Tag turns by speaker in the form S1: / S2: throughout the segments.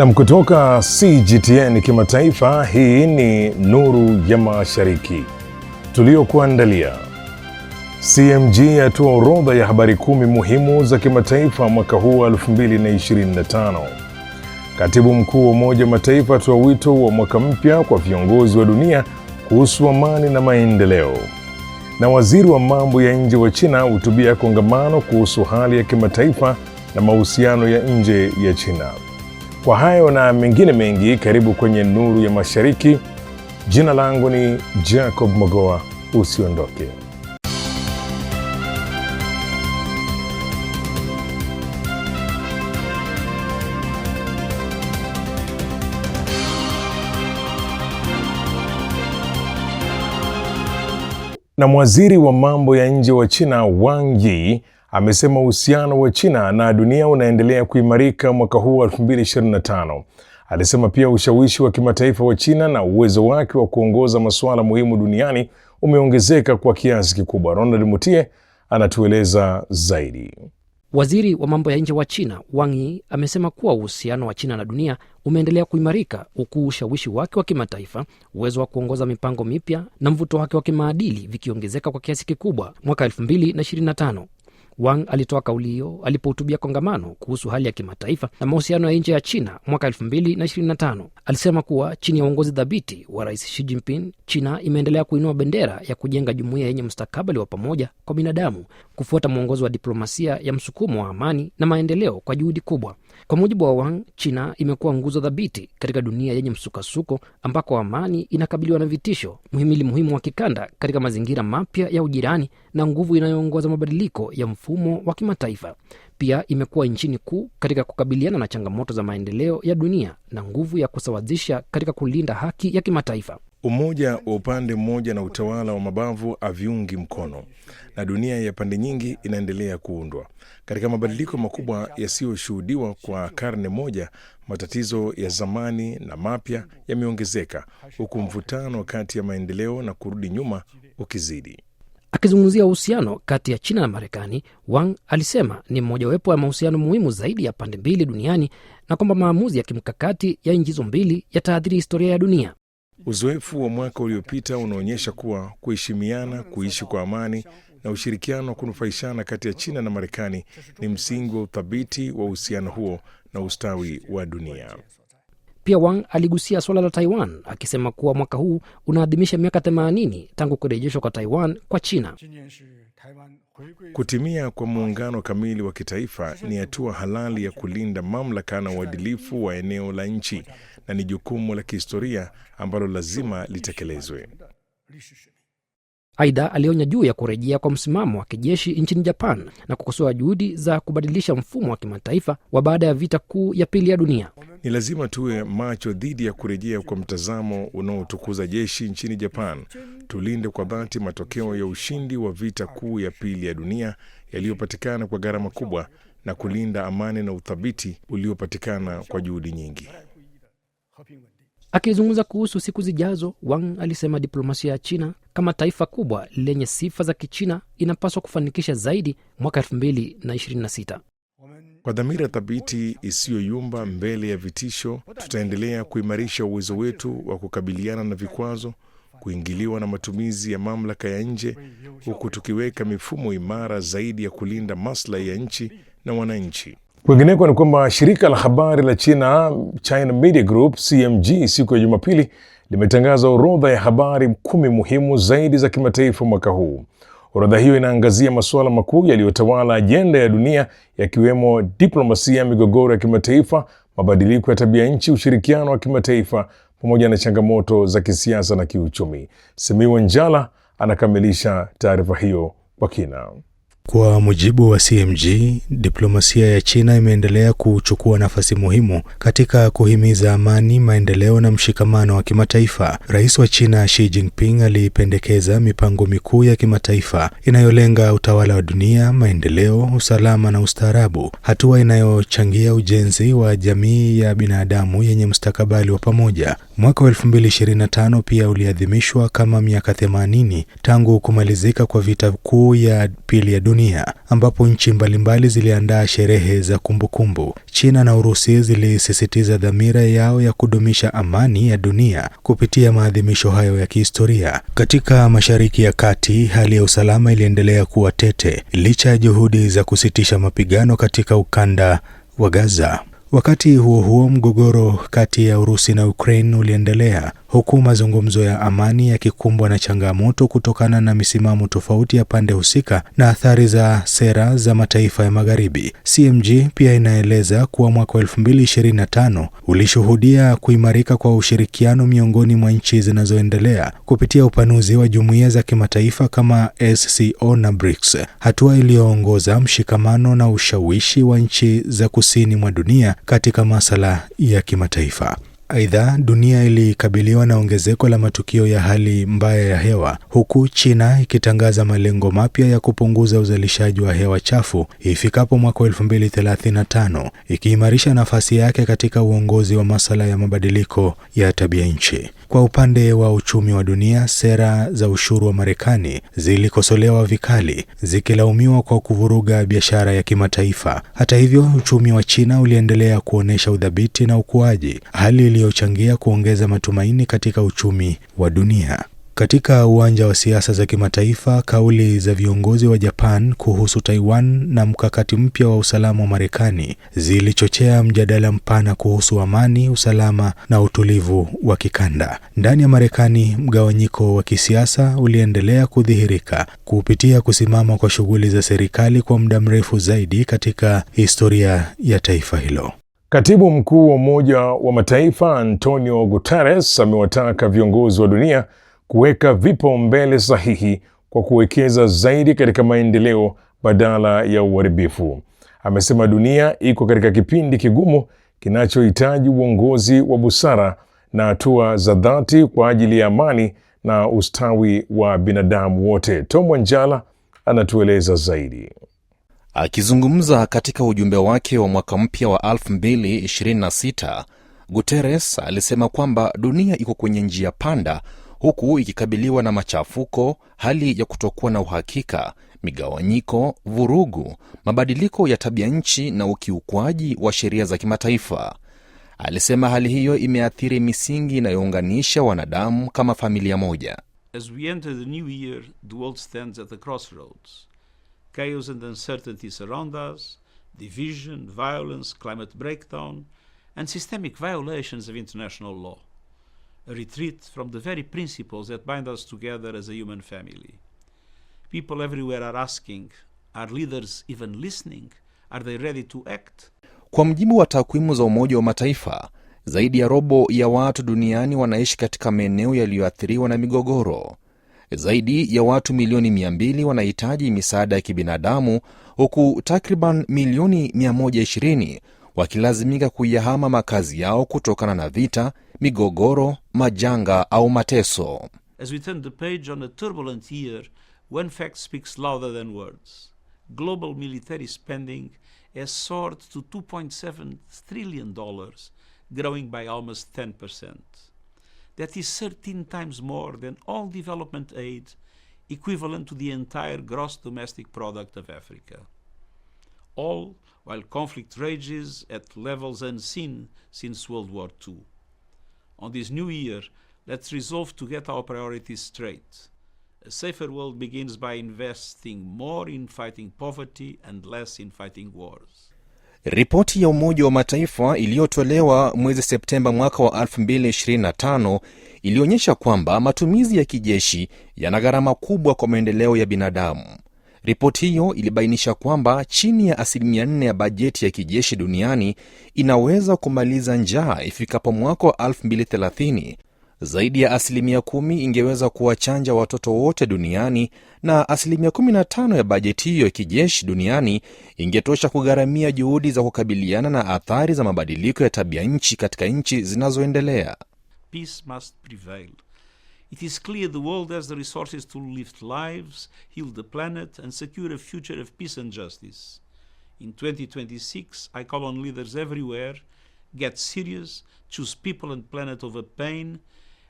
S1: Nam kutoka CGTN kimataifa, hii ni Nuru ya Mashariki tuliyokuandalia. CMG yatoa orodha ya habari kumi muhimu za kimataifa mwaka huu wa 2025. Katibu mkuu wa Umoja wa Mataifa atoa wito wa mwaka mpya kwa viongozi wa dunia kuhusu amani na maendeleo, na waziri wa mambo ya nje wa China hutubia kongamano kuhusu hali ya kimataifa na mahusiano ya nje ya China. Kwa hayo na mengine mengi, karibu kwenye Nuru ya Mashariki. Jina langu ni Jacob Mogoa, usiondoke. Na waziri wa mambo ya nje wa China Wang Yi amesema uhusiano wa China na dunia unaendelea kuimarika mwaka huu wa 2025. Alisema pia ushawishi wa kimataifa wa China na uwezo wake wa kuongoza masuala muhimu duniani umeongezeka kwa kiasi kikubwa. Ronald Mutie anatueleza zaidi.
S2: Waziri wa mambo ya nje wa China Wang Yi amesema kuwa uhusiano wa China na dunia umeendelea kuimarika huku ushawishi wake wa kimataifa, uwezo wa kuongoza mipango mipya na mvuto wake wa kimaadili vikiongezeka kwa kiasi kikubwa mwaka 2025. Wang alitoa kauli hiyo alipohutubia kongamano kuhusu hali ya kimataifa na mahusiano ya nje ya China mwaka 2025. Alisema kuwa chini ya uongozi dhabiti wa Rais shi Jinping, China imeendelea kuinua bendera ya kujenga jumuiya yenye mstakabali wa pamoja kwa binadamu, kufuata mwongozo wa diplomasia ya msukumo wa amani na maendeleo kwa juhudi kubwa kwa mujibu wa Wang, China imekuwa nguzo dhabiti katika dunia yenye msukasuko ambako amani inakabiliwa na vitisho, mhimili muhimu wa kikanda katika mazingira mapya ya ujirani na nguvu inayoongoza mabadiliko ya mfumo wa kimataifa. Pia imekuwa nchini kuu katika kukabiliana na changamoto za maendeleo ya dunia na nguvu ya kusawazisha katika kulinda haki ya kimataifa.
S1: Umoja wa upande mmoja na utawala wa mabavu haviungi mkono, na dunia ya pande nyingi inaendelea kuundwa katika mabadiliko makubwa yasiyoshuhudiwa kwa karne moja. Matatizo ya zamani na mapya yameongezeka, huku mvutano kati ya maendeleo na kurudi nyuma ukizidi.
S2: Akizungumzia uhusiano kati ya China na Marekani, Wang alisema ni mmojawapo ya mahusiano muhimu zaidi ya pande mbili duniani na kwamba maamuzi ya kimkakati ya nchi hizo mbili yataathiri historia ya dunia.
S1: Uzoefu wa mwaka uliopita unaonyesha kuwa kuheshimiana, kuishi kwa amani na ushirikiano wa kunufaishana kati ya China na Marekani ni msingi wa uthabiti wa uhusiano huo na ustawi wa dunia.
S2: Pia Wang aligusia suala la Taiwan akisema kuwa mwaka huu unaadhimisha miaka 80 tangu kurejeshwa kwa Taiwan kwa China.
S1: Kutimia kwa muungano kamili wa kitaifa ni hatua halali ya kulinda mamlaka na uadilifu wa eneo la nchi na ni jukumu la kihistoria ambalo lazima litekelezwe.
S2: Aidha, alionya juu ya kurejea kwa msimamo wa kijeshi nchini Japan na kukosoa juhudi za kubadilisha mfumo wa kimataifa wa baada ya vita kuu ya pili ya dunia.
S1: Ni lazima tuwe macho dhidi ya kurejea kwa mtazamo unaotukuza jeshi nchini Japan. Tulinde kwa dhati matokeo ya ushindi wa vita kuu ya pili ya dunia yaliyopatikana kwa gharama kubwa na kulinda amani na uthabiti uliopatikana kwa juhudi nyingi.
S2: Akizungumza kuhusu siku zijazo, Wang alisema diplomasia ya China kama taifa kubwa lenye sifa za Kichina inapaswa kufanikisha zaidi mwaka 226
S1: Kwa dhamira thabiti isiyoyumba mbele ya vitisho, tutaendelea kuimarisha uwezo wetu wa kukabiliana na vikwazo, kuingiliwa na matumizi ya mamlaka ya nje, huku tukiweka mifumo imara zaidi ya kulinda maslahi ya nchi na wananchi. Kwingineko ni kwamba shirika la habari la China, China Media Group CMG, siku ya Jumapili limetangaza orodha ya habari kumi muhimu zaidi za kimataifa mwaka huu. Orodha hiyo inaangazia masuala makuu yaliyotawala ajenda ya dunia yakiwemo diplomasia, migogoro ya kimataifa, mabadiliko ya tabia nchi, ushirikiano wa kimataifa pamoja na changamoto za kisiasa na kiuchumi. Semiwa Njala anakamilisha taarifa hiyo kwa kina.
S3: Kwa mujibu wa CMG, diplomasia ya China imeendelea kuchukua nafasi muhimu katika kuhimiza amani, maendeleo na mshikamano wa kimataifa. Rais wa China Xi Jinping alipendekeza mipango mikuu ya kimataifa inayolenga utawala wa dunia, maendeleo, usalama na ustaarabu, hatua inayochangia ujenzi wa jamii ya binadamu yenye mstakabali wa pamoja. Mwaka wa 2025 pia uliadhimishwa kama miaka 80 tangu kumalizika kwa vita kuu ya pili ya dunia dunia ambapo nchi mbalimbali ziliandaa sherehe za kumbukumbu kumbu. China na Urusi zilisisitiza dhamira yao ya kudumisha amani ya dunia kupitia maadhimisho hayo ya kihistoria. Katika Mashariki ya Kati, hali ya usalama iliendelea kuwa tete licha ya juhudi za kusitisha mapigano katika ukanda wa Gaza. Wakati huo huo, mgogoro kati ya Urusi na Ukraine uliendelea huku mazungumzo ya amani yakikumbwa na changamoto kutokana na misimamo tofauti ya pande husika na athari za sera za mataifa ya Magharibi. CMG pia inaeleza kuwa mwaka 2025 ulishuhudia kuimarika kwa ushirikiano miongoni mwa nchi zinazoendelea kupitia upanuzi wa jumuiya za kimataifa kama SCO na BRICS, hatua iliyoongoza mshikamano na ushawishi wa nchi za kusini mwa dunia katika masala ya kimataifa. Aidha, dunia ilikabiliwa na ongezeko la matukio ya hali mbaya ya hewa huku China ikitangaza malengo mapya ya kupunguza uzalishaji wa hewa chafu ifikapo mwaka 2035 ikiimarisha nafasi yake katika uongozi wa masuala ya mabadiliko ya tabia nchi. Kwa upande wa uchumi wa dunia, sera za ushuru wa Marekani zilikosolewa vikali, zikilaumiwa kwa kuvuruga biashara ya kimataifa. Hata hivyo, uchumi wa China uliendelea kuonyesha udhabiti na ukuaji, hali yaliyochangia kuongeza matumaini katika uchumi wa dunia. Katika uwanja wa siasa za kimataifa, kauli za viongozi wa Japan kuhusu Taiwan na mkakati mpya wa usalama wa Marekani zilichochea mjadala mpana kuhusu amani, usalama na utulivu wa kikanda. Ndani ya Marekani, mgawanyiko wa kisiasa uliendelea kudhihirika kupitia kusimama kwa shughuli za serikali kwa muda mrefu zaidi katika historia ya taifa hilo.
S1: Katibu mkuu wa Umoja wa Mataifa Antonio Guterres amewataka viongozi wa dunia kuweka vipaumbele sahihi kwa kuwekeza zaidi katika maendeleo badala ya uharibifu. Amesema dunia iko katika kipindi kigumu kinachohitaji uongozi wa busara na hatua za dhati kwa ajili ya amani na ustawi wa binadamu wote. Tom Wanjala anatueleza zaidi.
S2: Akizungumza katika ujumbe wake wa mwaka mpya wa 2026 Guterres alisema kwamba dunia iko kwenye njia panda, huku ikikabiliwa na machafuko, hali ya kutokuwa na uhakika, migawanyiko, vurugu, mabadiliko ya tabia nchi na ukiukwaji wa sheria za kimataifa. Alisema hali hiyo imeathiri misingi inayounganisha wanadamu kama familia moja.
S4: As we enter the new year, the world chaos and uncertainties around us, division, violence, climate breakdown, and systemic violations of international law. A retreat from the very principles that bind us together as a human family. People everywhere are asking, are leaders even listening? Are they ready to act?
S2: Kwa mujibu wa takwimu za Umoja wa Mataifa, zaidi ya robo ya watu duniani wanaishi katika maeneo yaliyoathiriwa na migogoro zaidi ya watu milioni 200 wanahitaji misaada ya kibinadamu huku takriban milioni 120 wakilazimika kuyahama makazi yao kutokana na vita, migogoro, majanga au mateso.
S5: As we turn the page on a turbulent year, speaks louder than words. Global military spending has soared to $2.7 trillion, growing by almost 10%. That is 13 times more than all development aid, equivalent to the entire gross domestic product of Africa. All while conflict rages at levels unseen since World War II. On this new year, let's resolve to get our priorities straight. A safer world begins by investing more in fighting poverty and less in fighting wars.
S2: Ripoti ya Umoja wa Mataifa iliyotolewa mwezi Septemba mwaka wa 2025 ilionyesha kwamba matumizi ya kijeshi yana gharama kubwa kwa maendeleo ya binadamu. Ripoti hiyo ilibainisha kwamba chini ya asilimia 4 ya bajeti ya kijeshi duniani inaweza kumaliza njaa ifikapo mwaka wa 2030 zaidi ya asilimia kumi ingeweza kuwachanja watoto wote duniani na asilimia 15 ya bajeti hiyo ya kijeshi duniani ingetosha kugharamia juhudi za kukabiliana na athari za mabadiliko ya tabia nchi katika nchi zinazoendelea.
S6: Peace must prevail. It is clear the world has the resources to lift lives, heal the planet and secure a future of peace and justice. In 2026, I call on leaders everywhere, get serious, choose people and planet over pain,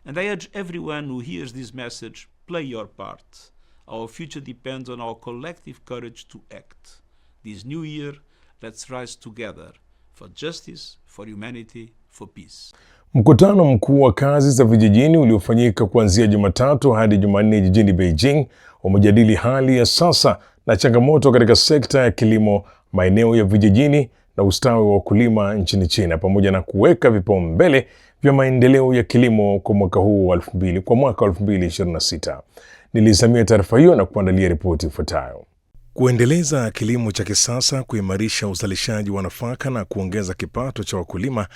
S6: And I urge everyone who hears this message play your part. Our future depends on our collective courage to act. This new year, let's rise together for justice, for humanity, for peace.
S1: Mkutano mkuu wa kazi za vijijini uliofanyika kuanzia Jumatatu hadi Jumanne jijini Beijing umejadili hali ya sasa na changamoto katika sekta ya kilimo, maeneo ya vijijini na ustawi wa wakulima nchini China pamoja na kuweka vipaumbele vya maendeleo ya kilimo kwa mwaka huu wa 2000 kwa mwaka wa 2026. Nilizamia taarifa hiyo na kuandalia ripoti ifuatayo.
S2: Kuendeleza kilimo cha kisasa, kuimarisha uzalishaji wa nafaka na kuongeza kipato cha wakulima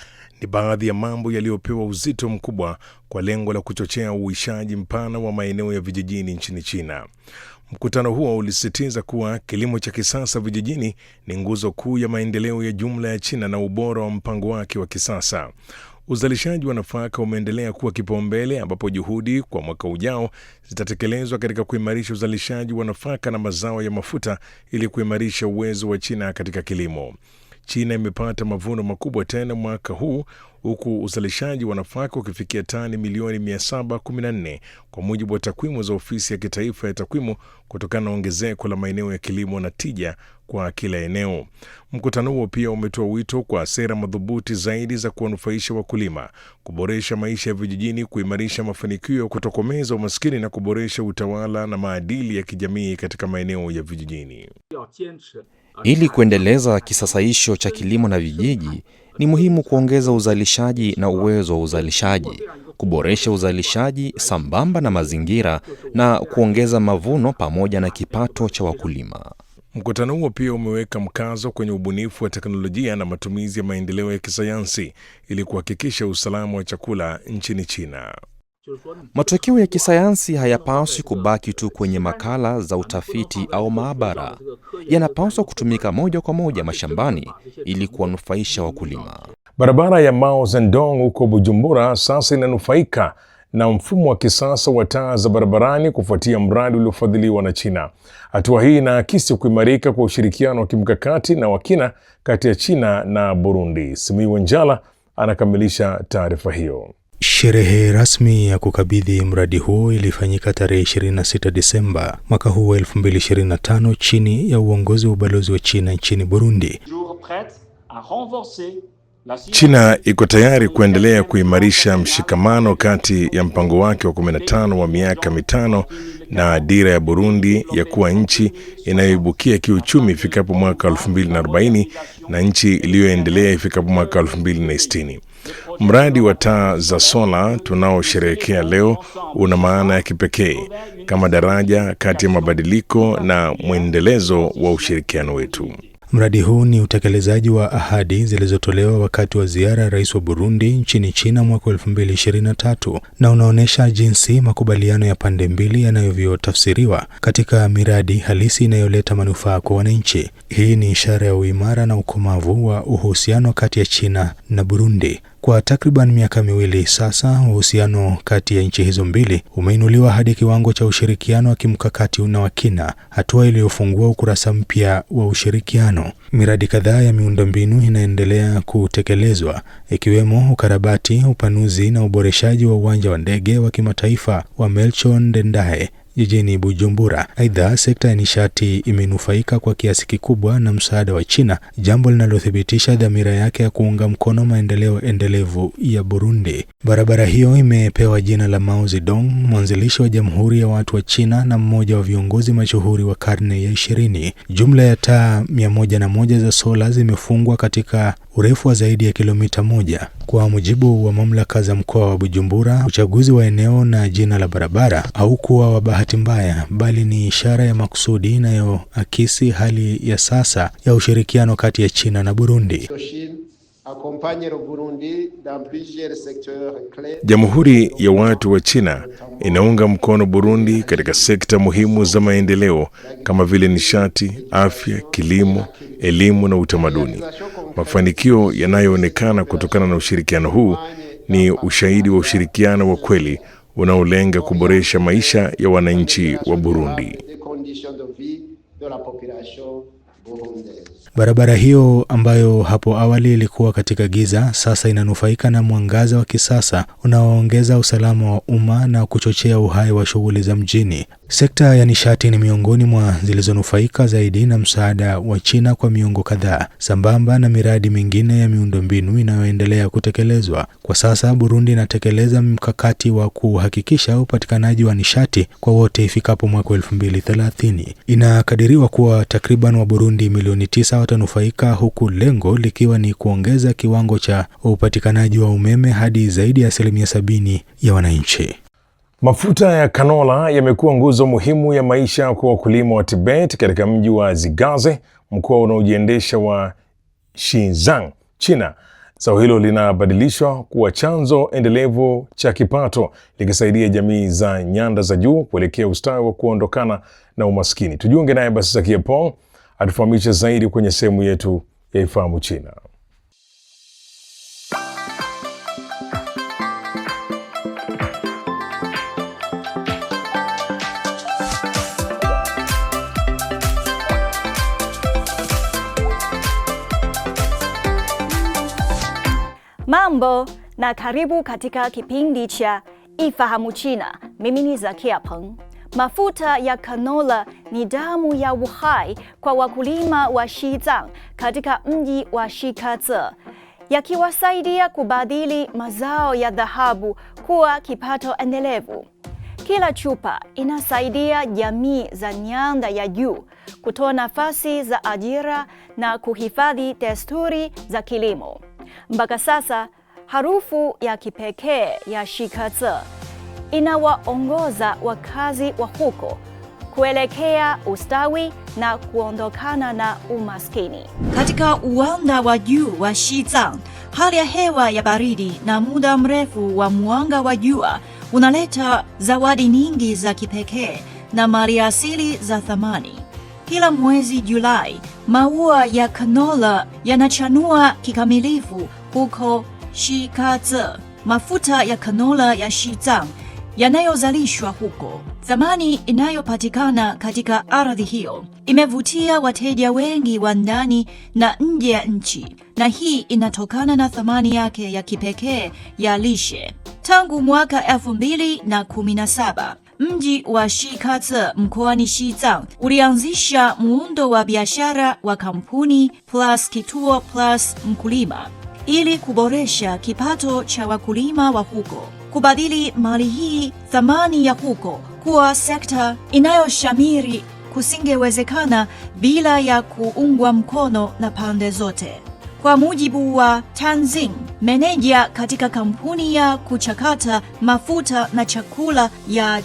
S2: ni baadhi ya mambo yaliyopewa uzito mkubwa kwa lengo la kuchochea uishaji mpana wa maeneo ya vijijini nchini China. Mkutano huo ulisisitiza kuwa kilimo cha kisasa vijijini ni nguzo kuu ya maendeleo ya jumla ya China na ubora wa mpango wake wa kisasa. Uzalishaji wa nafaka umeendelea kuwa kipaumbele, ambapo juhudi kwa mwaka ujao zitatekelezwa katika kuimarisha uzalishaji wa nafaka na mazao ya mafuta ili kuimarisha uwezo wa China katika kilimo. China imepata mavuno makubwa tena mwaka huu huku uzalishaji wa nafaka ukifikia tani milioni 714 kwa mujibu wa takwimu za ofisi ya kitaifa ya takwimu, kutokana na ongezeko la maeneo ya kilimo na tija kwa kila eneo. Mkutano huo pia umetoa wito kwa sera madhubuti zaidi za kuwanufaisha wakulima, kuboresha maisha ya vijijini, kuimarisha mafanikio ya kutokomeza umaskini na kuboresha utawala na maadili ya kijamii katika maeneo ya vijijini. Ili kuendeleza kisasaisho cha kilimo na vijiji, ni muhimu kuongeza uzalishaji na uwezo wa uzalishaji, kuboresha uzalishaji sambamba na mazingira na kuongeza mavuno pamoja na kipato cha wakulima.
S1: Mkutano huo pia umeweka mkazo kwenye ubunifu wa teknolojia na matumizi ya maendeleo ya kisayansi ili kuhakikisha usalama wa chakula nchini China.
S2: Matokeo ya kisayansi hayapaswi kubaki tu kwenye makala za utafiti au maabara, yanapaswa kutumika moja kwa moja mashambani ili kuwanufaisha wakulima.
S1: Barabara ya Mao Zedong huko Bujumbura sasa inanufaika na mfumo wa kisasa wa taa za barabarani kufuatia mradi uliofadhiliwa na China. Hatua hii inaakisi kuimarika kwa ushirikiano wa kimkakati na wa kina kati ya China na Burundi. Simiyu Njala anakamilisha taarifa hiyo.
S3: Sherehe rasmi ya kukabidhi mradi huo ilifanyika tarehe 26 Desemba mwaka huu wa 2025 chini ya uongozi wa ubalozi wa China nchini Burundi.
S1: China iko tayari kuendelea kuimarisha mshikamano kati ya mpango wake wa 15 wa miaka mitano na dira ya Burundi ya kuwa nchi inayoibukia kiuchumi ifikapo mwaka 2040 na nchi iliyoendelea ifikapo mwaka 2060. Mradi wa taa za sola tunaosherehekea leo una maana ya kipekee kama daraja kati ya mabadiliko na mwendelezo wa ushirikiano wetu.
S3: Mradi huu ni utekelezaji wa ahadi zilizotolewa wakati wa ziara ya rais wa Burundi nchini China mwaka 2023 na unaonyesha jinsi makubaliano ya pande mbili yanavyotafsiriwa katika miradi halisi inayoleta manufaa kwa wananchi. Hii ni ishara ya uimara na ukomavu wa uhusiano kati ya China na Burundi kwa takriban miaka miwili sasa, uhusiano kati ya nchi hizo mbili umeinuliwa hadi kiwango cha ushirikiano wa kimkakati na wa kina, hatua iliyofungua ukurasa mpya wa ushirikiano. Miradi kadhaa ya miundombinu inaendelea kutekelezwa, ikiwemo ukarabati, upanuzi na uboreshaji wa uwanja wa ndege wa kimataifa wa Melchior Ndadaye jijini Bujumbura. Aidha, sekta ya nishati imenufaika kwa kiasi kikubwa na msaada wa China, jambo linalothibitisha dhamira yake ya kuunga mkono maendeleo endelevu ya Burundi. Barabara hiyo imepewa jina la Mao Zedong, mwanzilishi wa Jamhuri ya Watu wa China na mmoja wa viongozi mashuhuri wa karne ya ishirini. Jumla ya taa mia moja na moja za sola zimefungwa katika urefu wa zaidi ya kilomita moja. Kwa mujibu wa mamlaka za mkoa wa Bujumbura, uchaguzi wa eneo na jina la barabara haukuwa wa bahati mbaya, bali ni ishara ya makusudi inayoakisi hali ya sasa ya ushirikiano kati ya China na Burundi.
S1: Jamhuri ya Watu wa China inaunga mkono Burundi katika sekta muhimu za maendeleo kama vile nishati, afya, kilimo, elimu na utamaduni. Mafanikio yanayoonekana kutokana na ushirikiano huu ni ushahidi wa ushirikiano wa kweli unaolenga kuboresha maisha ya wananchi wa Burundi.
S3: Barabara hiyo ambayo hapo awali ilikuwa katika giza sasa inanufaika na mwangaza wa kisasa unaoongeza usalama wa umma na kuchochea uhai wa shughuli za mjini. Sekta ya nishati ni miongoni mwa zilizonufaika zaidi na msaada wa China kwa miongo kadhaa, sambamba na miradi mingine ya miundombinu inayoendelea kutekelezwa. Kwa sasa, Burundi inatekeleza mkakati wa kuhakikisha upatikanaji wa nishati kwa wote ifikapo mwaka 2030. Inakadiriwa kuwa takriban wa burundi milioni tisa watanufaika, huku lengo likiwa ni kuongeza kiwango cha upatikanaji wa umeme hadi zaidi ya asilimia sabini ya wananchi.
S1: Mafuta ya kanola yamekuwa nguzo muhimu ya maisha kwa wakulima wa Tibet katika mji wa Zigaze, mkoa unaojiendesha wa Xinjiang, China. Zao hilo linabadilishwa kuwa chanzo endelevu cha kipato, likisaidia jamii za nyanda za juu kuelekea ustawi wa kuondokana na umaskini. Tujiunge naye basi Zakia Paul atufahamishe zaidi kwenye sehemu yetu ya Ifahamu China.
S7: Mambo na karibu katika kipindi cha Ifahamu China. Mimi ni Zakia Peng. Mafuta ya canola ni damu ya uhai kwa wakulima wa Xizang katika mji wa Shikaze, yakiwasaidia kubadili mazao ya dhahabu kuwa kipato endelevu. Kila chupa inasaidia jamii za nyanda ya juu kutoa nafasi za ajira na kuhifadhi desturi za kilimo. Mpaka sasa harufu ya kipekee ya shikaze inawaongoza wakazi wa huko kuelekea ustawi na kuondokana na umaskini.
S8: Katika uwanda wa juu wa Shizang, hali ya hewa ya baridi na muda mrefu wa mwanga wa jua unaleta zawadi nyingi za kipekee na mali asili za thamani. Kila mwezi Julai, maua ya canola yanachanua kikamilifu huko Shikaze. Mafuta ya canola ya Shizang yanayozalishwa huko. Thamani inayopatikana katika ardhi hiyo imevutia wateja wengi wa ndani na nje ya nchi, na hii inatokana na thamani yake ya kipekee ya lishe. Tangu mwaka 2017 mji wa Shikatse mkoani Xizang ulianzisha muundo wa biashara wa kampuni plus kituo plus mkulima ili kuboresha kipato cha wakulima wa huko, kubadili mali hii thamani ya huko kuwa sekta inayoshamiri kusingewezekana bila ya kuungwa mkono na pande zote. Kwa mujibu wa tanzin meneja katika kampuni ya kuchakata mafuta na chakula ya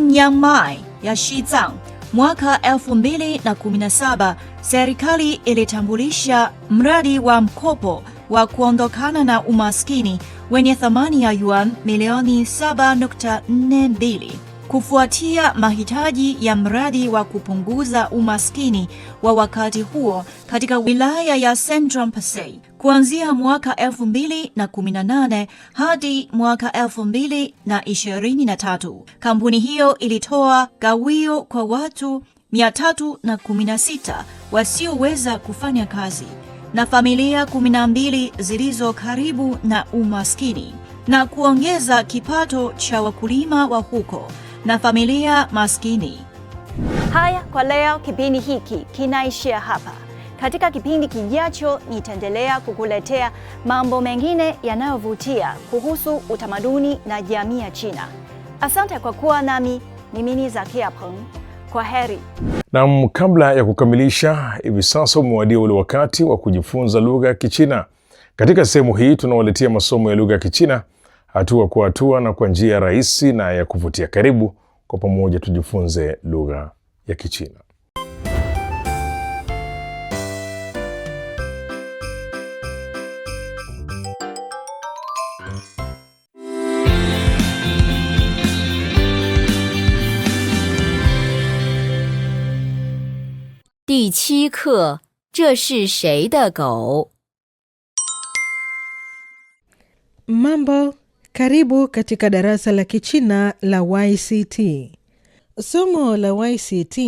S8: Nyamai ya Shizang, mwaka 2017 serikali ilitambulisha mradi wa mkopo wa kuondokana na umaskini wenye thamani ya yuan milioni 7.42 kufuatia mahitaji ya mradi wa kupunguza umaskini wa wakati huo katika wilaya ya Central Pasay kuanzia mwaka 2018 hadi mwaka 2023. Kampuni hiyo ilitoa gawio kwa watu 316 wasioweza kufanya kazi na familia 12 zilizo karibu na umaskini na kuongeza kipato cha wakulima wa huko na familia maskini.
S9: Haya kwa leo, kipindi hiki kinaishia hapa. Katika kipindi kijacho, nitaendelea kukuletea mambo mengine yanayovutia kuhusu utamaduni na jamii ya China. Asante kwa kuwa nami. Mimi ni Zakia Peng, kwa heri.
S1: Nam, kabla ya kukamilisha, hivi sasa umewadia ule wakati wa kujifunza lugha ya Kichina. Katika sehemu hii tunawaletea masomo ya lugha ya Kichina hatua kwa hatua na kwa njia rahisi na ya kuvutia. Karibu kwa pamoja tujifunze lugha ya Kichina.
S10: Mambo karibu katika darasa la Kichina la YCT. Somo la YCT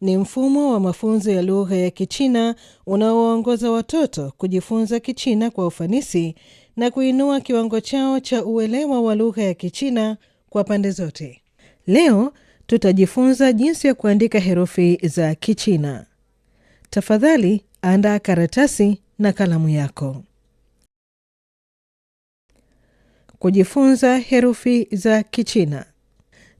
S10: ni mfumo wa mafunzo ya lugha ya Kichina unaowaongoza watoto kujifunza Kichina kwa ufanisi na kuinua kiwango chao cha uelewa wa lugha ya Kichina kwa pande zote. Leo tutajifunza jinsi ya kuandika herufi za Kichina. Tafadhali andaa karatasi na kalamu yako. kujifunza herufi za Kichina.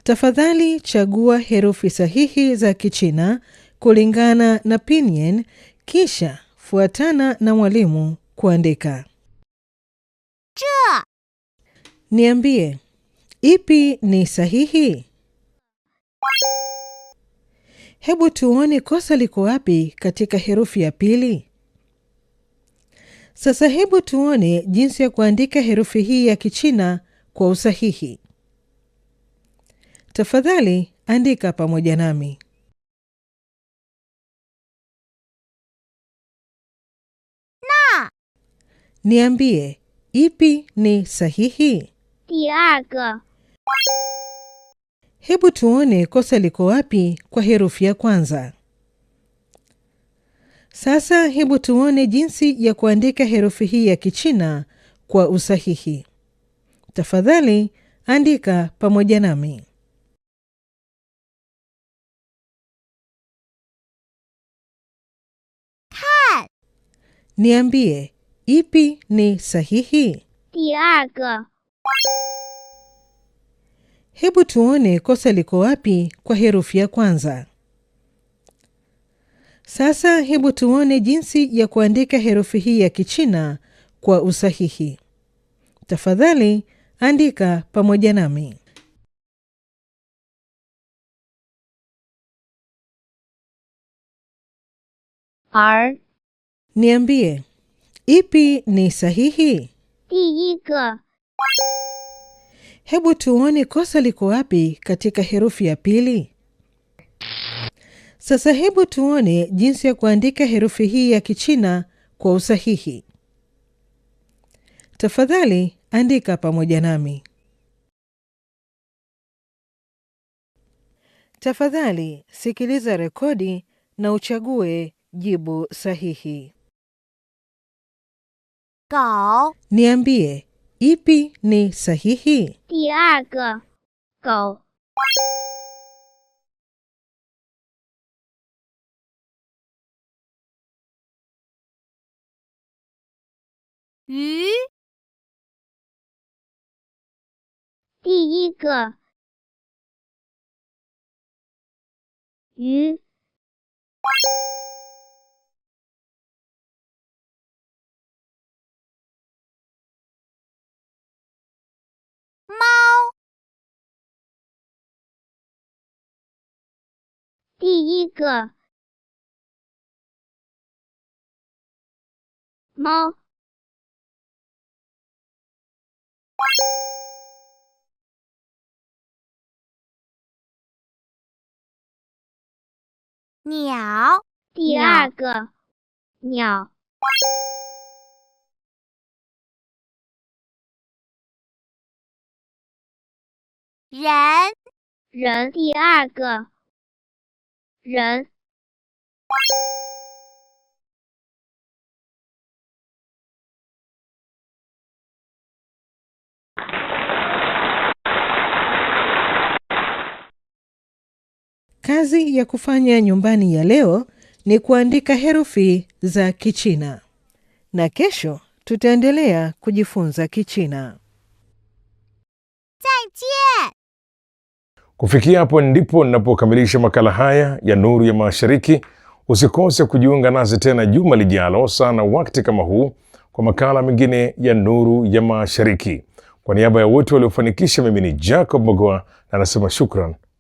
S10: Tafadhali chagua herufi sahihi za Kichina kulingana na Pinyin, kisha fuatana na mwalimu kuandika. Cha. Niambie, ipi ni sahihi? Hebu tuone kosa liko wapi katika herufi ya pili. Sasa hebu tuone jinsi ya kuandika herufi hii ya Kichina kwa usahihi. Tafadhali andika pamoja nami. Na. Niambie ipi ni sahihi? Diago. Hebu tuone kosa liko wapi kwa herufi ya kwanza. Sasa hebu tuone jinsi ya kuandika herufi hii ya Kichina kwa usahihi. Tafadhali andika pamoja nami. Niambie, ipi ni sahihi? Diaga. Hebu tuone kosa liko wapi kwa herufi ya kwanza. Sasa hebu tuone jinsi ya kuandika herufi hii ya Kichina kwa usahihi. Tafadhali andika pamoja nami. R. Niambie, ipi ni sahihi? Diiga. Hebu tuone kosa liko wapi katika herufi ya pili. Sasa hebu tuone jinsi ya kuandika herufi hii ya Kichina kwa usahihi. Tafadhali andika pamoja nami. Tafadhali sikiliza rekodi na uchague jibu sahihi. Gao. Niambie ipi ni sahihi? Diaga. Gao. 鱼，
S11: 第一个鱼。猫，第一个猫。鸟，第二个鸟。人，人，第二个人。
S10: Kazi ya kufanya nyumbani ya leo ni kuandika herufi za Kichina, na kesho tutaendelea kujifunza Kichina.
S1: Kufikia hapo ndipo ninapokamilisha makala haya ya Nuru ya Mashariki. Usikose kujiunga nasi tena juma lijalo sana wakati kama huu kwa makala mengine ya Nuru ya Mashariki. Kwa niaba ya wote waliofanikisha, mimi ni Jacob mogoa na anasema shukran